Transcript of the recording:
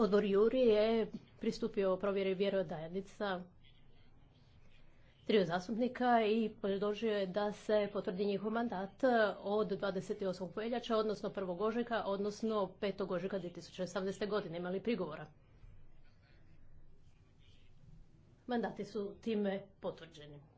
Odbor Juri je pristupio provjeri vjerodajnica triju zastupnika i predložio je da se potvrdi njihov mandat od 28. veljače, odnosno 1. ožujka, odnosno 5. ožujka 2018. godine. Imali prigovora? Mandati su time potvrđeni.